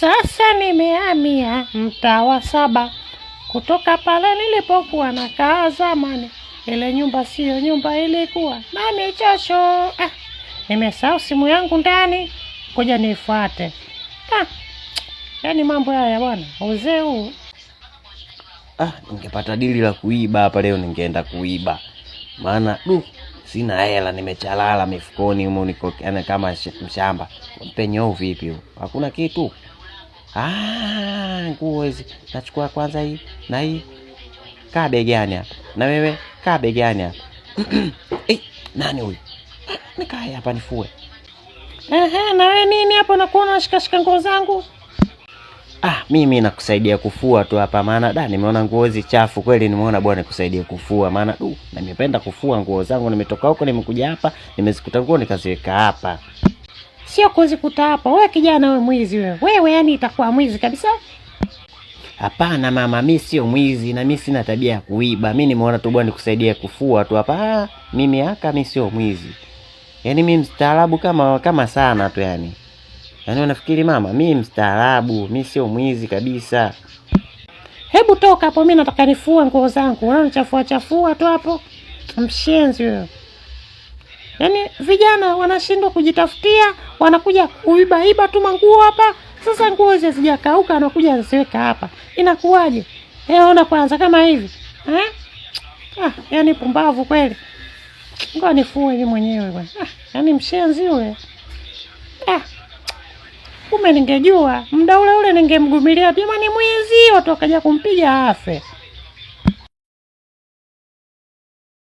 Sasa nimehamia mtaa wa saba kutoka pale nilipokuwa kaa zamani. Ile nyumba siyo nyumba, ilikuwa na michosho. Ah, nimesahau simu yangu ndani, kuja nifuate. Ah, yaani mambo haya bwana, uzee huu. Ah, ningepata dili la kuiba hapa leo, ningeenda kuiba, maana du sina hela, nimechalala mifukoni humo, niko kama mshamba. Mpenye vipi? Hakuna kitu. Ah, nguo hizi nachukua kwanza hii na hii. Kaa begani hapa. Na wewe kaa begani hapa. Eh, nani huyu? Ah, nikae hapa nifue. Ehe, na wewe nini hapo nakuona unashikashika nguo zangu? Ah, mimi nakusaidia kufua tu hapa maana da nimeona nguo hizi chafu kweli, nimeona bwana nikusaidie kufua maana du, nimependa kufua nguo zangu, nimetoka huko nimekuja hapa, nimezikuta nguo nikaziweka hapa sio kuzikuta hapa. Wewe kijana, wewe mwizi wewe, wewe yani itakuwa mwizi kabisa. Hapana mama, mi sio mwizi na mi sina tabia ya kuiba. Mi nimeona tu bwana nikusaidia kufua tu hapa. Ah, mimi haka mi sio mwizi, yani mi mstaarabu kama kama sana tu yani. yani unafikiri mama, mi mstaarabu, mi sio mwizi kabisa. Hebu toka hapo, mi nataka nifue nguo zangu, unanichafua chafua tu hapo, mshenzi wewe. Yaani vijana wanashindwa kujitafutia, wanakuja kuibaiba tu manguo hapa. Sasa nguo hizo zijakauka, anakuja anaziweka hapa, inakuwaje? Eh, ona kwanza kama hivi eh? Ah, yaani pumbavu kweli. Ngoja nifue hivi mwenyewe bwana. Ah, yaani mshenzi yule. Ah, kumbe ningejua muda ule ule ningemgumilia. Jamani, mwizi watu wakaja kumpiga afe.